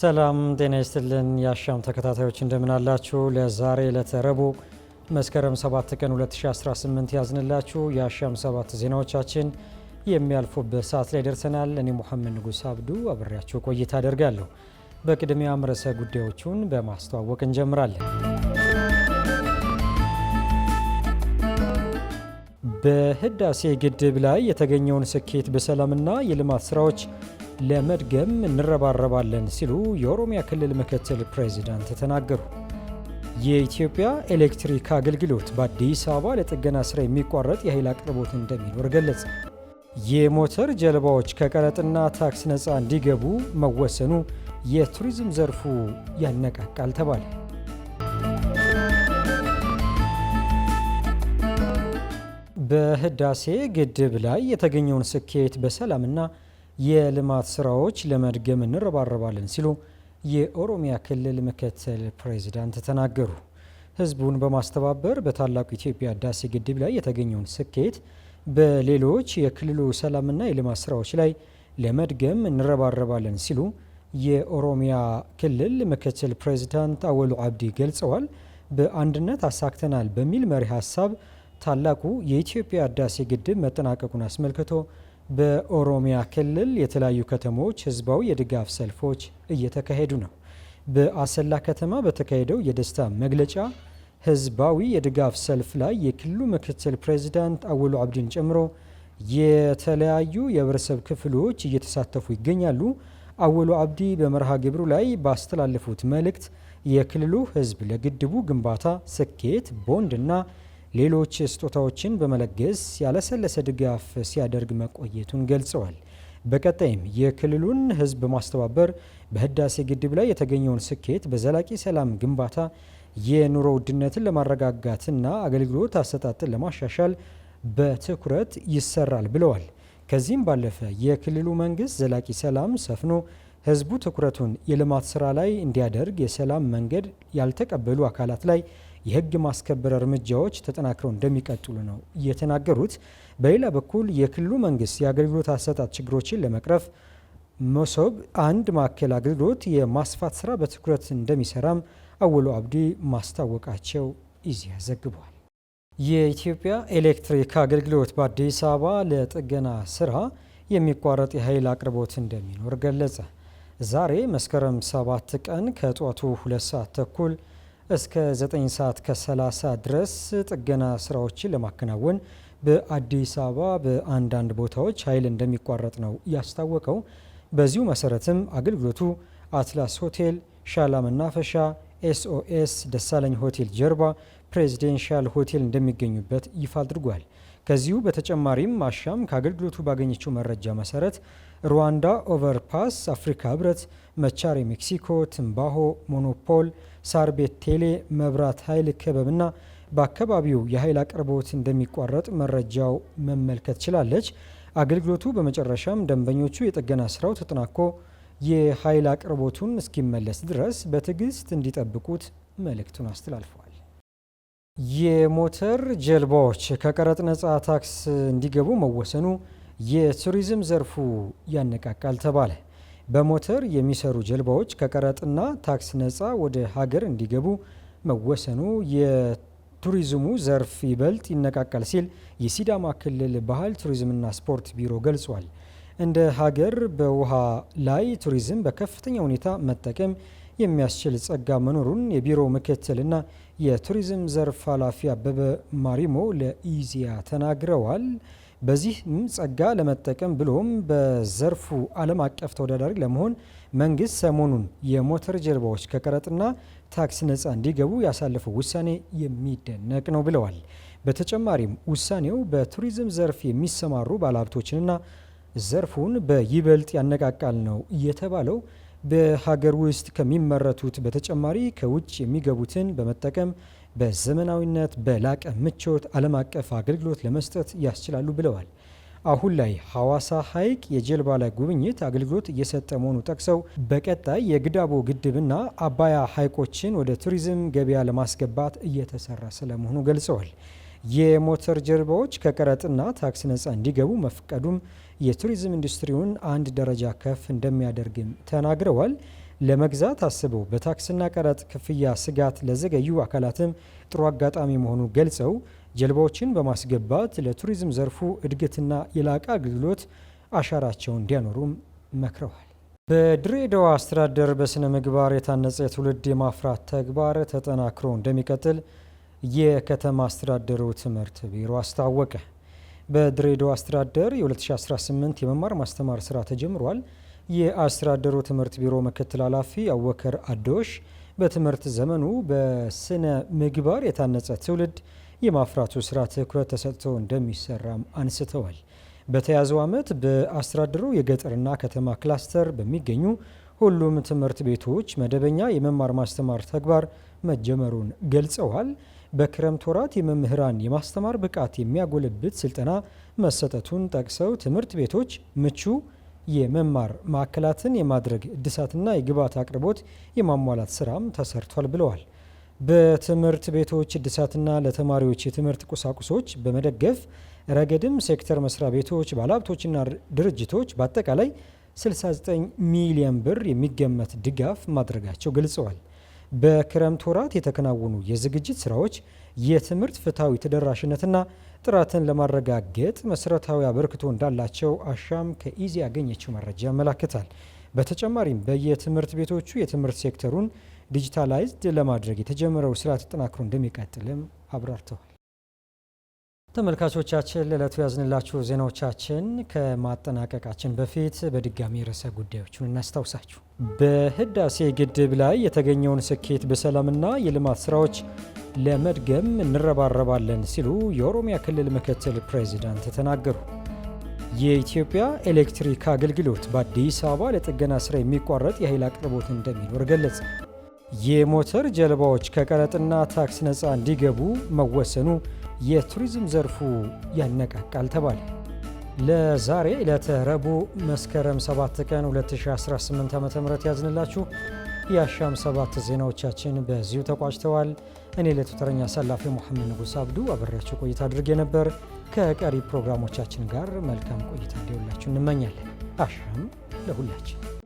ሰላም ጤና ይስጥልን። የአሻም ተከታታዮች እንደምናላችሁ። ለዛሬ ለተረቡ መስከረም 7 ቀን 2018 ያዝንላችሁ የአሻም ሰባት ዜናዎቻችን የሚያልፉበት ሰዓት ላይ ደርሰናል። እኔ ሙሐመድ ንጉስ አብዱ አብሬያችሁ ቆይታ አደርጋለሁ። በቅድሚያም ርዕሰ ጉዳዮቹን በማስተዋወቅ እንጀምራለን። በህዳሴ ግድብ ላይ የተገኘውን ስኬት በሰላምና የልማት ስራዎች ለመድገም እንረባረባለን ሲሉ የኦሮሚያ ክልል ምክትል ፕሬዚዳንት ተናገሩ። የኢትዮጵያ ኤሌክትሪክ አገልግሎት በአዲስ አበባ ለጥገና ስራ የሚቋረጥ የኃይል አቅርቦት እንደሚኖር ገለጸ። የሞተር ጀልባዎች ከቀረጥና ታክስ ነፃ እንዲገቡ መወሰኑ የቱሪዝም ዘርፉ ያነቃቃል ተባለ። በህዳሴ ግድብ ላይ የተገኘውን ስኬት በሰላምና የልማት ስራዎች ለመድገም እንረባረባለን ሲሉ የኦሮሚያ ክልል ምክትል ፕሬዚዳንት ተናገሩ። ህዝቡን በማስተባበር በታላቁ ኢትዮጵያ ህዳሴ ግድብ ላይ የተገኘውን ስኬት በሌሎች የክልሉ ሰላምና የልማት ስራዎች ላይ ለመድገም እንረባረባለን ሲሉ የኦሮሚያ ክልል ምክትል ፕሬዚዳንት አወሉ አብዲ ገልጸዋል። በአንድነት አሳክተናል በሚል መሪ ሀሳብ ታላቁ የኢትዮጵያ ህዳሴ ግድብ መጠናቀቁን አስመልክቶ በኦሮሚያ ክልል የተለያዩ ከተሞች ህዝባዊ የድጋፍ ሰልፎች እየተካሄዱ ነው። በአሰላ ከተማ በተካሄደው የደስታ መግለጫ ህዝባዊ የድጋፍ ሰልፍ ላይ የክልሉ ምክትል ፕሬዚዳንት አወሉ አብዲን ጨምሮ የተለያዩ የህብረተሰብ ክፍሎች እየተሳተፉ ይገኛሉ። አወሉ አብዲ በመርሃ ግብሩ ላይ ባስተላለፉት መልእክት የክልሉ ህዝብ ለግድቡ ግንባታ ስኬት ቦንድና ሌሎች ስጦታዎችን በመለገስ ያለሰለሰ ድጋፍ ሲያደርግ መቆየቱን ገልጸዋል። በቀጣይም የክልሉን ሕዝብ በማስተባበር በህዳሴ ግድብ ላይ የተገኘውን ስኬት በዘላቂ ሰላም ግንባታ የኑሮ ውድነትን ለማረጋጋትና አገልግሎት አሰጣጥን ለማሻሻል በትኩረት ይሰራል ብለዋል። ከዚህም ባለፈ የክልሉ መንግስት ዘላቂ ሰላም ሰፍኖ ህዝቡ ትኩረቱን የልማት ስራ ላይ እንዲያደርግ የሰላም መንገድ ያልተቀበሉ አካላት ላይ የህግ ማስከበር እርምጃዎች ተጠናክረው እንደሚቀጥሉ ነው የተናገሩት። በሌላ በኩል የክልሉ መንግስት የአገልግሎት አሰጣጥ ችግሮችን ለመቅረፍ መሶብ አንድ ማዕከል አገልግሎት የማስፋት ስራ በትኩረት እንደሚሰራም አወሎ አብዲ ማስታወቃቸው ኢዜአ ዘግቧል። የኢትዮጵያ ኤሌክትሪክ አገልግሎት በአዲስ አበባ ለጥገና ስራ የሚቋረጥ የኃይል አቅርቦት እንደሚኖር ገለጸ። ዛሬ መስከረም 7 ቀን ከጧቱ 2 ሰዓት ተኩል እስከ 9 ሰዓት ከ30 ድረስ ጥገና ስራዎችን ለማከናወን በአዲስ አበባ በአንዳንድ ቦታዎች ኃይል እንደሚቋረጥ ነው ያስታወቀው። በዚሁ መሰረትም አገልግሎቱ አትላስ ሆቴል፣ ሻላ መናፈሻ፣ ኤስኦኤስ፣ ደሳለኝ ሆቴል ጀርባ፣ ፕሬዚደንሻል ሆቴል እንደሚገኙበት ይፋ አድርጓል። ከዚሁ በተጨማሪም አሻም ከአገልግሎቱ ባገኘችው መረጃ መሰረት ሩዋንዳ ኦቨርፓስ፣ አፍሪካ ህብረት፣ መቻሬ ሜክሲኮ፣ ትንባሆ፣ ሞኖፖል፣ ሳርቤት ቴሌ፣ መብራት ኃይል ክበብና በአካባቢው የኃይል አቅርቦት እንደሚቋረጥ መረጃው መመልከት ችላለች። አገልግሎቱ በመጨረሻም ደንበኞቹ የጥገና ስራው ተጠናቆ የኃይል አቅርቦቱን እስኪመለስ ድረስ በትዕግስት እንዲጠብቁት መልእክቱን አስተላልፈዋል። የሞተር ጀልባዎች ከቀረጥ ነፃ ታክስ እንዲገቡ መወሰኑ የቱሪዝም ዘርፉ ያነቃቃል ተባለ። በሞተር የሚሰሩ ጀልባዎች ከቀረጥና ታክስ ነፃ ወደ ሀገር እንዲገቡ መወሰኑ የቱሪዝሙ ዘርፍ ይበልጥ ይነቃቃል ሲል የሲዳማ ክልል ባህል ቱሪዝምና ስፖርት ቢሮ ገልጿል። እንደ ሀገር በውሃ ላይ ቱሪዝም በከፍተኛ ሁኔታ መጠቀም የሚያስችል ጸጋ መኖሩን የቢሮው ምክትልና የቱሪዝም ዘርፍ ኃላፊ አበበ ማሪሞ ለኢዜአ ተናግረዋል። በዚህም ጸጋ ለመጠቀም ብሎም በዘርፉ ዓለም አቀፍ ተወዳዳሪ ለመሆን መንግስት ሰሞኑን የሞተር ጀልባዎች ከቀረጥና ታክስ ነጻ እንዲገቡ ያሳለፈው ውሳኔ የሚደነቅ ነው ብለዋል። በተጨማሪም ውሳኔው በቱሪዝም ዘርፍ የሚሰማሩ ባለሀብቶችንና ዘርፉን በይበልጥ ያነቃቃል ነው እየተባለው በሀገር ውስጥ ከሚመረቱት በተጨማሪ ከውጭ የሚገቡትን በመጠቀም በዘመናዊነት በላቀ ምቾት ዓለም አቀፍ አገልግሎት ለመስጠት ያስችላሉ ብለዋል። አሁን ላይ ሐዋሳ ሐይቅ የጀልባ ላይ ጉብኝት አገልግሎት እየሰጠ መሆኑ ጠቅሰው በቀጣይ የግዳቦ ግድብና አባያ ሐይቆችን ወደ ቱሪዝም ገበያ ለማስገባት እየተሰራ ስለመሆኑ ገልጸዋል። የሞተር ጀልባዎች ከቀረጥና ታክስ ነጻ እንዲገቡ መፍቀዱም የቱሪዝም ኢንዱስትሪውን አንድ ደረጃ ከፍ እንደሚያደርግም ተናግረዋል። ለመግዛት አስበው በታክስና ቀረጥ ክፍያ ስጋት ለዘገዩ አካላትም ጥሩ አጋጣሚ መሆኑ ገልጸው ጀልባዎችን በማስገባት ለቱሪዝም ዘርፉ እድገትና የላቀ አገልግሎት አሻራቸውን እንዲያኖሩም መክረዋል። በድሬዳዋ አስተዳደር በስነ ምግባር የታነጸ ትውልድ የማፍራት ተግባር ተጠናክሮ እንደሚቀጥል የከተማ አስተዳደሩ ትምህርት ቢሮ አስታወቀ። በድሬዳዋ አስተዳደር የ2018 የመማር ማስተማር ስራ ተጀምሯል። የአስተዳደሩ ትምህርት ቢሮ ምክትል ኃላፊ አወከር አዶሽ በትምህርት ዘመኑ በስነ ምግባር የታነጸ ትውልድ የማፍራቱ ስራ ትኩረት ተሰጥቶ እንደሚሰራም አንስተዋል። በተያዘው ዓመት በአስተዳደሩ የገጠርና ከተማ ክላስተር በሚገኙ ሁሉም ትምህርት ቤቶች መደበኛ የመማር ማስተማር ተግባር መጀመሩን ገልጸዋል። በክረምት ወራት የመምህራን የማስተማር ብቃት የሚያጎለብት ስልጠና መሰጠቱን ጠቅሰው ትምህርት ቤቶች ምቹ የመማር ማዕከላትን የማድረግ እድሳትና የግብዓት አቅርቦት የማሟላት ስራም ተሰርቷል ብለዋል። በትምህርት ቤቶች እድሳትና ለተማሪዎች የትምህርት ቁሳቁሶች በመደገፍ ረገድም ሴክተር መስሪያ ቤቶች፣ ባለሀብቶችና ድርጅቶች በአጠቃላይ 69 ሚሊዮን ብር የሚገመት ድጋፍ ማድረጋቸው ገልጸዋል። በክረምት ወራት የተከናወኑ የዝግጅት ስራዎች የትምህርት ፍትሐዊ ተደራሽነትና ጥራትን ለማረጋገጥ መሰረታዊ አበርክቶ እንዳላቸው አሻም ከኢዜአ ያገኘችው መረጃ ያመላክታል። በተጨማሪም በየትምህርት ቤቶቹ የትምህርት ሴክተሩን ዲጂታላይዝድ ለማድረግ የተጀመረው ስራ ተጠናክሮ እንደሚቀጥልም አብራርተዋል። ተመልካቾቻችን ለዕለቱ ያዝንላችሁ ዜናዎቻችን ከማጠናቀቃችን በፊት በድጋሚ ርዕሰ ጉዳዮቹን እናስታውሳችሁ። በህዳሴ ግድብ ላይ የተገኘውን ስኬት በሰላምና የልማት ስራዎች ለመድገም እንረባረባለን ሲሉ የኦሮሚያ ክልል ምክትል ፕሬዚዳንት ተናገሩ። የኢትዮጵያ ኤሌክትሪክ አገልግሎት በአዲስ አበባ ለጥገና ስራ የሚቋረጥ የኃይል አቅርቦት እንደሚኖር ገለጸ። የሞተር ጀልባዎች ከቀረጥና ታክስ ነፃ እንዲገቡ መወሰኑ የቱሪዝም ዘርፉ ያነቃቃል ተባለ። ለዛሬ ለተረቡ መስከረም 7 ቀን 2018 ዓ ም ያዝንላችሁ የአሻም ሰባት ዜናዎቻችን በዚሁ ተቋጭተዋል። እኔ ለቱተረኛ አሳላፊ ሙሐመድ ንጉስ አብዱ አብሬያችሁ ቆይታ አድርጌ ነበር። ከቀሪ ፕሮግራሞቻችን ጋር መልካም ቆይታ እንዲሆንላችሁ እንመኛለን። አሻም ለሁላችን!